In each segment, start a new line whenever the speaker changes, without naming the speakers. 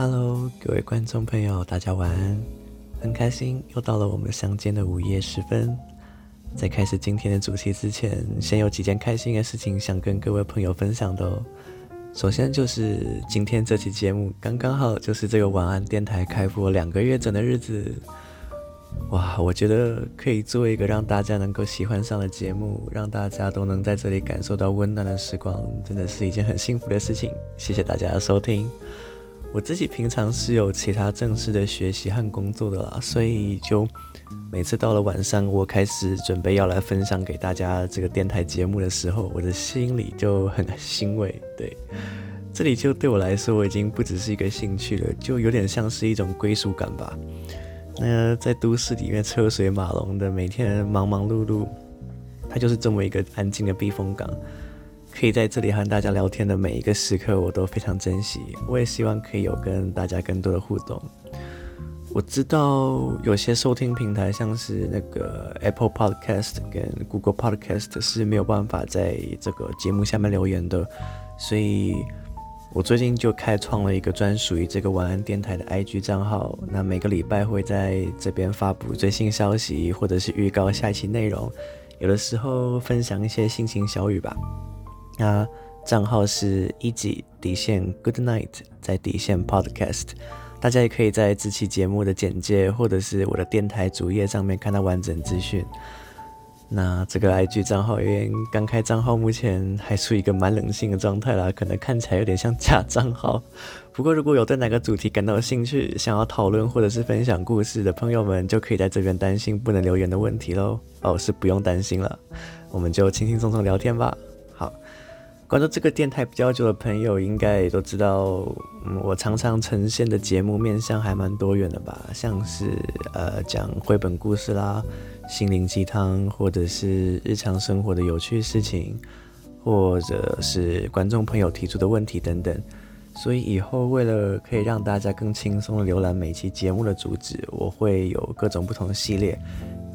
Hello，各位觀眾朋友，大家晚安！很開心又到了我們相見的午夜時分。在開始今天的主題之前，先有幾件開心的事情想跟各位朋友分享的哦。首先就是今天這期節目剛剛好就是這個晚安電台開播兩個月整的日子，哇，我覺得可以做一個讓大家能夠喜歡上的節目，讓大家都能在這裡感受到溫暖的時光，真的是一件很幸福的事情。謝謝大家的收聽。我自己平常是有其他正式的學習和工作的啦，所以就每次到了晚上，我開始準備要來分享給大家這個電台節目的時候，我的心裡就很欣慰。對，這裡就對我來說，我已經不只是一個興趣了，就有點像是一種歸屬感吧。那在都市裡面車水馬龍的，每天忙忙碌碌，它就是這麼一個安靜的避風港。可以在這裡和大家聊天的每一個時刻，我都非常珍惜。我也希望可以有跟大家更多的互動。我知道有些收聽平台，像是那個 Apple Podcast 跟 Google Podcast，是沒有辦法在這個節目下面留言的，所以我最近就開創了一個專屬於這個晚安電台的 IG 賬號。那每個禮拜會在這邊發布最新消息，或者是預告下一期內容，有的時候分享一些心情小語吧。那賬號是 ichi 底線 Goodnight，在底線 Podcast，大家也可以在這期節目的簡介或者是我的電台主頁上面看到完整資訊。那這個 IG 賬號因為剛開賬號目前還處於一個蠻冷清的狀態啦，可能看起來有點像假賬號。不過如果有對哪個主題感到有興趣，想要討論或者是分享故事的朋友們，就可以在這邊擔心不能留言的問題嘍。哦，是不用擔心了，我們就輕輕鬆鬆聊天吧。關注這個電台比較久的朋友，應該也都知道，嗯，我常常呈現的節目面向還蠻多元的吧，像是呃講繪本故事啦、心靈雞湯，或者是日常生活的有趣事情，或者是觀眾朋友提出的問題等等。所以以後為了可以讓大家更輕鬆地瀏覽每期節目的主旨，我會有各種不同的系列，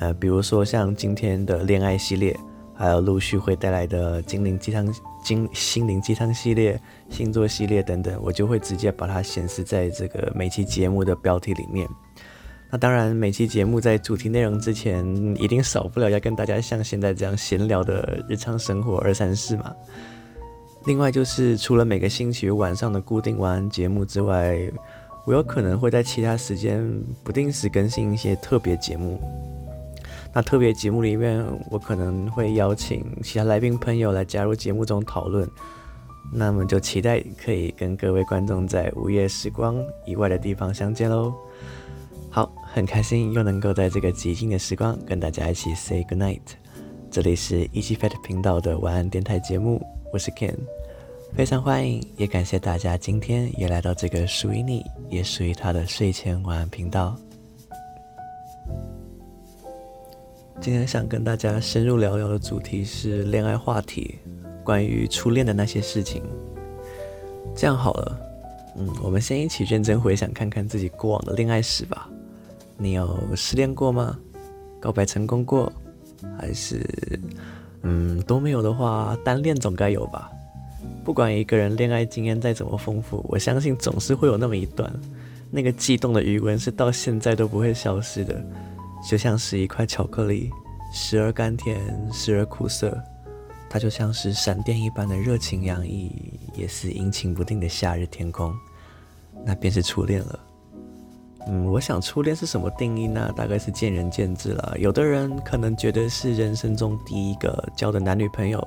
呃，比如說像今天的戀愛系列，還有陸續會帶來的心靈雞湯。心靈雞湯系列、星座系列等等，我就會直接把它顯示在這個每期節目的標題裡面。那當然，每期節目在主題內容之前，一定少不了要跟大家像現在這樣閒聊的日常生活二三事嘛。另外，就是除了每個星期晚上的固定完節目之外，我有可能會在其他時間不定時更新一些特別節目。那特別節目裡面，我可能會邀請其他來賓朋友來加入節目中討論。那麼就期待可以跟各位觀眾在午夜時光以外的地方相見嘍。好，很開心又能夠在這個寂靜的時光跟大家一起 say good night。這裡是 ichi fat 頻道的晚安電台節目，我是 Ken，非常歡迎也感謝大家今天也來到這個屬於你也屬於他的睡前晚安頻道。今天想跟大家深入聊聊的主題是戀愛話題，關於初戀的那些事情。這樣好了，嗯，我們先一起認真回想看看自己過往的戀愛史吧。你有失戀過嗎？告白成功過，還是……嗯，都沒有的話，單戀總該有吧？不管一個人戀愛經驗再怎麼豐富，我相信總是會有那麼一段，那個悸動的余溫是到現在都不會消失的。就像是一塊巧克力，時而甘甜，時而苦澀。它就像是閃電一般的熱情洋溢，也是陰晴不定的夏日天空。那便是初戀了。嗯，我想初戀是什麼定義呢？大概是見仁見智了。有的人可能覺得是人生中第一個交的男女朋友，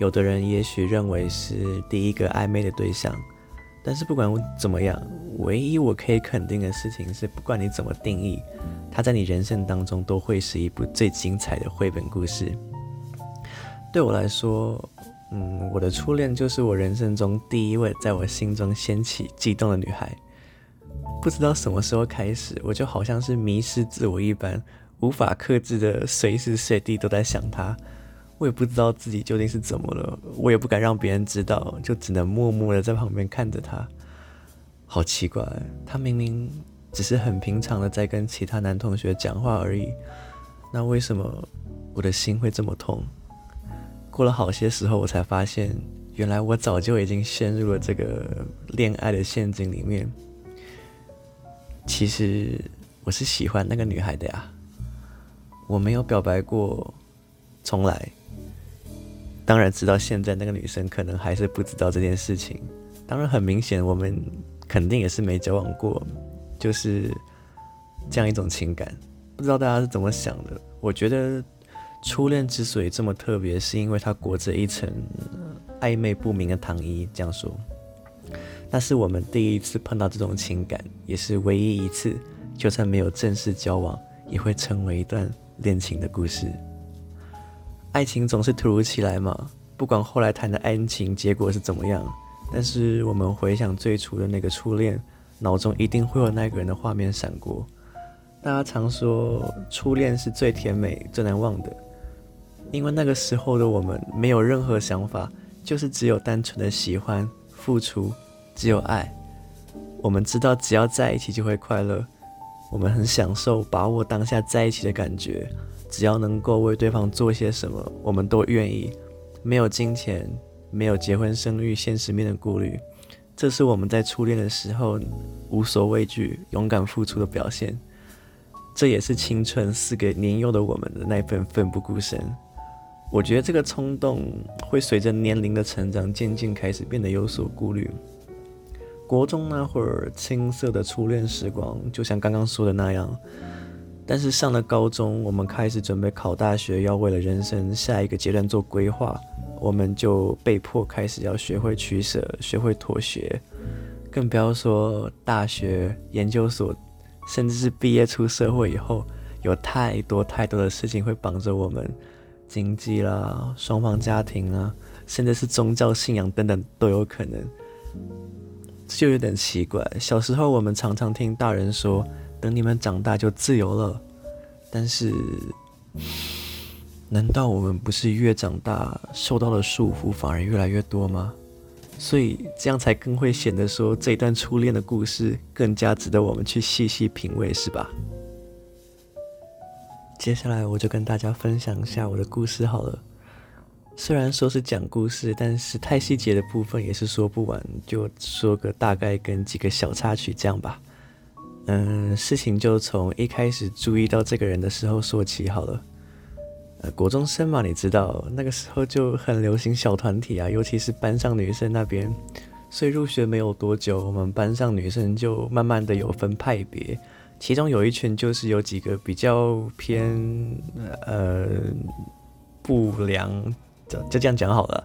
有的人也許認為是第一個曖昧的對象。但是不管我怎麼樣。唯一我可以肯定的事情是，不管你怎麼定義，它在你人生當中都會是一部最精彩的繪本故事。對我來說，嗯，我的初戀就是我人生中第一位在我心中掀起悸動的女孩。不知道什麼時候開始，我就好像是迷失自我一般，無法克制的隨時隨地都在想她。我也不知道自己究竟是怎麼了，我也不敢讓別人知道，就只能默默的在旁邊看着她。好奇怪，他明明只是很平常的在跟其他男同學講話而已，那為什麼我的心會這麼痛？過了好些時候，我才發現，原來我早就已經陷入了這個戀愛的陷阱裡面。其實我是喜歡那個女孩的呀，我沒有表白過，從來。當然，直到現在，那個女生可能還是不知道這件事情。當然，很明顯，我們。肯定也是沒交往過，就是這樣一種情感，不知道大家是怎麼想的。我覺得初戀之所以這麼特別，是因為它裹着一層曖昧不明的糖衣。這樣說，那是我們第一次碰到這種情感，也是唯一一次，就算沒有正式交往，也會成為一段戀情的故事。愛情總是突如其來嘛，不管後來談的愛情結果是怎麼樣。但是我們回想最初的那個初戀，腦中一定會有那個人的畫面閃過。大家常說初戀是最甜美、最難忘的，因為那個時候的我們沒有任何想法，就是只有單純的喜歡、付出，只有愛。我們知道只要在一起就會快樂，我們很享受把握當下在一起的感覺。只要能夠為對方做些什麼，我們都願意，沒有金錢。沒有結婚生育現實面的顧慮，這是我們在初戀的時候無所畏懼、勇敢付出的表現。這也是青春賜給年幼的我們的那份奮不顧身。我覺得這個衝動會隨着年齡的成長，漸漸開始變得有所顧慮。國中那會兒青澀的初戀時光，就像剛剛說的那樣。但是上了高中，我們開始準備考大學，要為了人生下一個階段做規劃，我們就被迫開始要學會取舍，學會妥協，更不要說大學、研究所，甚至是畢業出社會以後，有太多太多的事情會綁着我們，經濟啦、雙方家庭啦，甚至是宗教信仰等等都有可能。就有點奇怪，小時候我們常常聽大人說。等你們長大就自由了，但是，難道我們不是越長大受到的束縛反而越來越多嗎？所以這樣才更會顯得說這一段初戀的故事更加值得我們去細細品味，是吧？接下來我就跟大家分享一下我的故事好了。雖然說是講故事，但是太細節的部分也是說不完，就說個大概跟幾個小插曲這樣吧。嗯，事情就從一開始注意到這個人的時候說起好了。呃，國中生嘛，你知道那個時候就很流行小團體啊，尤其是班上女生那邊，所以入學沒有多久，我們班上女生就慢慢的有分派別，其中有一群就是有幾個比較偏呃不良，就，就這樣講好了。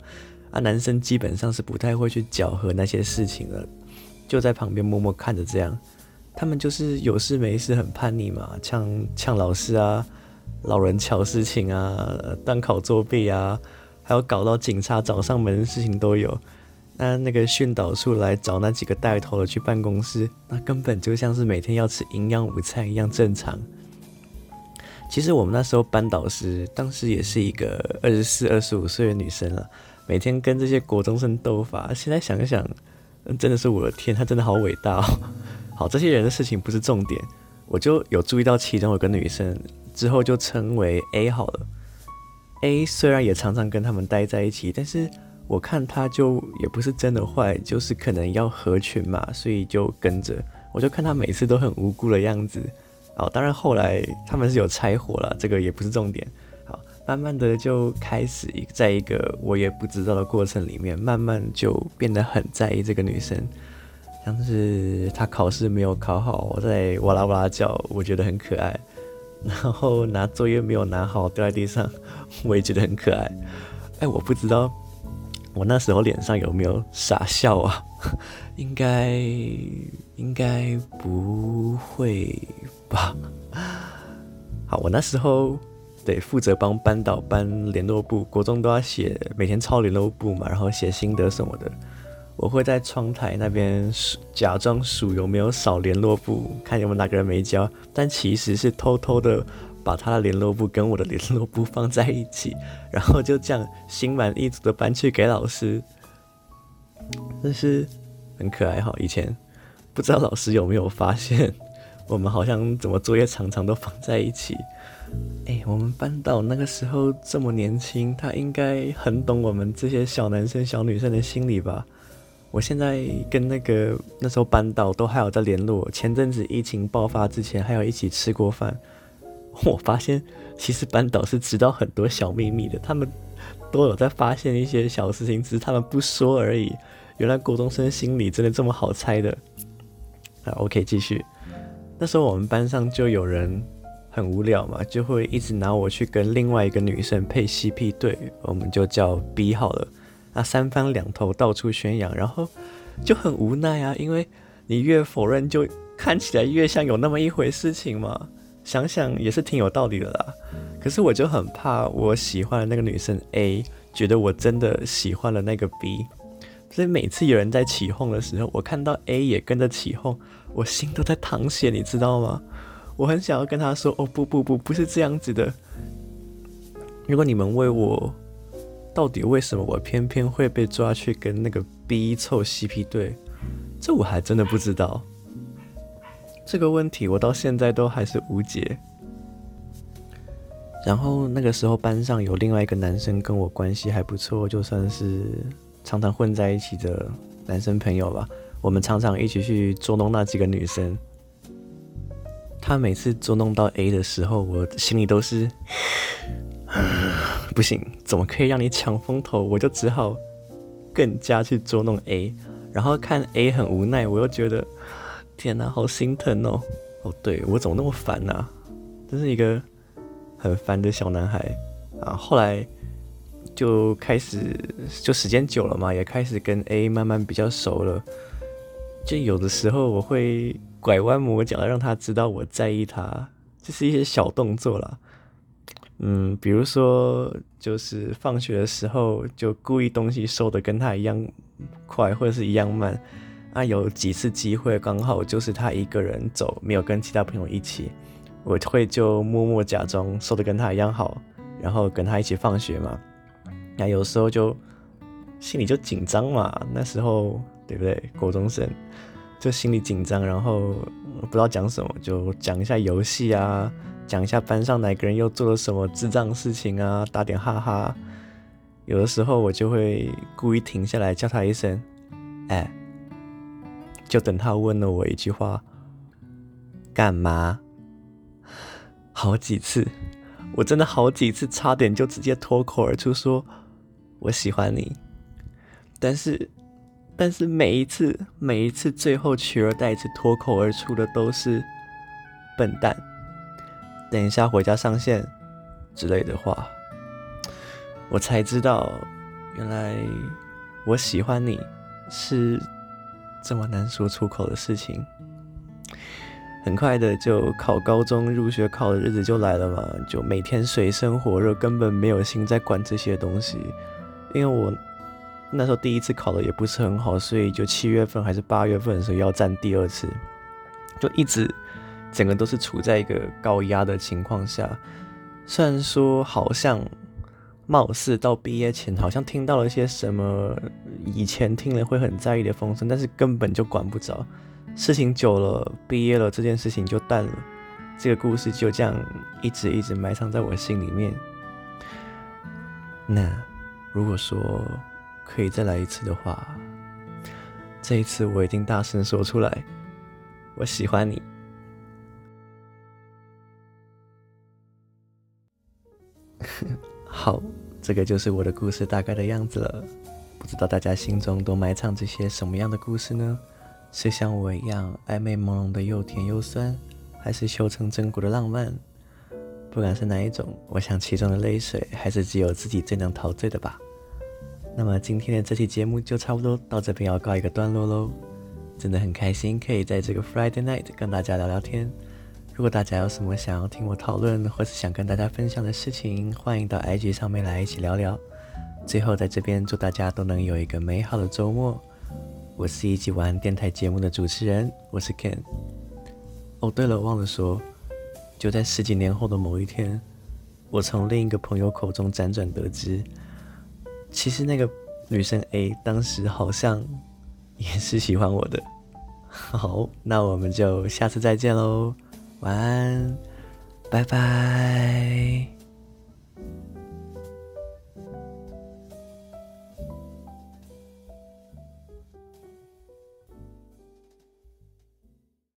啊，男生基本上是不太會去攪和那些事情了，就在旁邊默默看着這樣。他們就是有事沒事很叛逆嘛，嗆嗆老師啊，老人瞧事情啊，段考作弊啊，還有搞到警察找上門的事情都有。那那個訓導處來找那幾個帶頭的去辦公室，那根本就像是每天要吃營養午餐一樣正常。其實我們那時候班導師當時也是一個二十四、二十五歲的女生了，每天跟這些國中生鬥法。現在想一想，真的是我的天，她真的好偉大哦。好，這些人的事情不是重點，我就有注意到其中有個女生，之後就稱為 A 好了。A 雖然也常常跟他們待在一起，但是我看她就也不是真的壞，就是可能要合群嘛，所以就跟着。我就看她每次都很無辜的樣子。好，當然後來他們是有拆夥了，這個也不是重點。好，慢慢的就開始在一個我也不知道的過程裡面，慢慢就變得很在意這個女生。像是他考試沒有考好，我在哇啦哇啦叫，我覺得很可愛。然後拿作業沒有拿好掉在地上，我也覺得很可愛。哎，我不知道我那時候臉上有沒有傻笑啊？應該應該不會吧？好，我那時候得負責幫班導班聯絡簿，國中都要寫每天抄聯絡簿嘛，然後寫心得什麼的。我會在窗台那邊數，假裝數有沒有少聯絡簿，看有沒有哪個人沒交，但其實是偷偷的把他的聯絡簿跟我的聯絡簿放在一起，然後就這樣心滿意足的搬去給老師。但是很可愛哈、哦，以前不知道老師有沒有發現，我們好像怎麼作業常常都放在一起。哎，我們班導那個時候這麼年輕，他應該很懂我們這些小男生小女生的心理吧。我現在跟那個那時候班導都還有在聯絡，前陣子疫情爆發之前還有一起吃過飯。我發現其實班導是知道很多小秘密的，他們都有在發現一些小事情，只是他們不說而已。原來國中生心裡真的這麼好猜的啊！OK，繼續。那時候我們班上就有人很無聊嘛，就會一直拿我去跟另外一個女生配 CP，對，我們就叫 B 好了。那、啊、三番兩頭到處宣揚，然後就很無奈啊，因為你越否認，就看起來越像有那麼一回事情嘛。想想也是挺有道理的啦。可是我就很怕我喜歡的那個女生 A 覺得我真的喜歡了那個 B，所以每次有人在起哄的時候，我看到 A 也跟着起哄，我心都在淌血，你知道嗎？我很想要跟他說，哦不不不，不是這樣子的。如果你們為我。到底為什麼我偏偏會被抓去跟那個 B 湊 CP 隊？這我還真的不知道。這個問題我到現在都還是無解。然後那個時候班上有另外一個男生跟我關係還不錯，就算是常常混在一起的男生朋友吧。我們常常一起去捉弄那幾個女生。他每次捉弄到 A 的時候，我心裡都是呵呵。不行，怎麼可以讓你搶風頭？我就只好更加去捉弄 A，然後看 A 很無奈，我又覺得天哪，好心疼哦！哦，對，我怎麼那麼煩呢、啊？真是一個很煩的小男孩啊！後來就開始，就時間久了嘛，也開始跟 A 慢慢比較熟了，就有的時候我會拐彎抹角的讓他知道我在意他，就是一些小動作啦。嗯，比如說，就是放學的時候就故意東西收得跟他一樣快，或者是一樣慢。啊，有幾次機會剛好就是他一個人走，沒有跟其他朋友一起，我會就默默假裝收得跟他一樣好，然後跟他一起放學嘛。那有時候就心裡就緊張嘛，那時候對不對？國中生就心裡緊張，然後不知道講什麼，就講一下遊戲啊。講一下班上哪個人又做了什麼智障事情啊，打點哈哈。有的時候我就會故意停下來叫他一聲“哎”，就等他問了我一句話：“幹嘛？”好幾次，我真的好幾次差點就直接脫口而出說“我喜歡你”，但是，但是每一次每一次最後取而代之脫口而出的都是“笨蛋”。等一下回家上線之類的話，我才知道原來我喜歡你是這麼難說出口的事情。很快的就考高中入學考的日子就來了嘛，就每天水深火熱，根本沒有心在管這些東西。因為我那時候第一次考的也不是很好，所以就七月份還是八月份的時候要戰第二次，就一直。整個都是處在一個高壓的情況下，雖然說好像，貌似到畢業前好像聽到了些什麼，以前聽了會很在意的風聲，但是根本就管不着。事情久了，畢業了，這件事情就淡了。這個故事就這樣一直一直埋藏在我心裡面。那如果說可以再來一次的話，這一次我一定大聲說出來，我喜歡你。好，這個就是我的故事大概的樣子了。不知道大家心中都埋藏著些什麼樣的故事呢？是像我一樣曖昧朦朧的又甜又酸，還是修成正果的浪漫？不管是哪一種，我想其中的淚水還是只有自己最能陶醉的吧。那麼今天的這期節目就差不多到這邊要告一個段落嘍。真的很開心可以在這個 Friday night 跟大家聊聊天。如果大家有什麼想要聽我討論，或是想跟大家分享的事情，歡迎到 IG 上面來一起聊聊。最後，在這邊祝大家都能有一個美好的周末。我是一期晚安電台節目的主持人，我是 Ken。哦，對了，忘了說，就在十幾年後的某一天，我從另一個朋友口中輾轉得知，其實那個女生 A 當時好像也是喜歡我的。好，那我們就下次再見嘍。晚安，拜拜。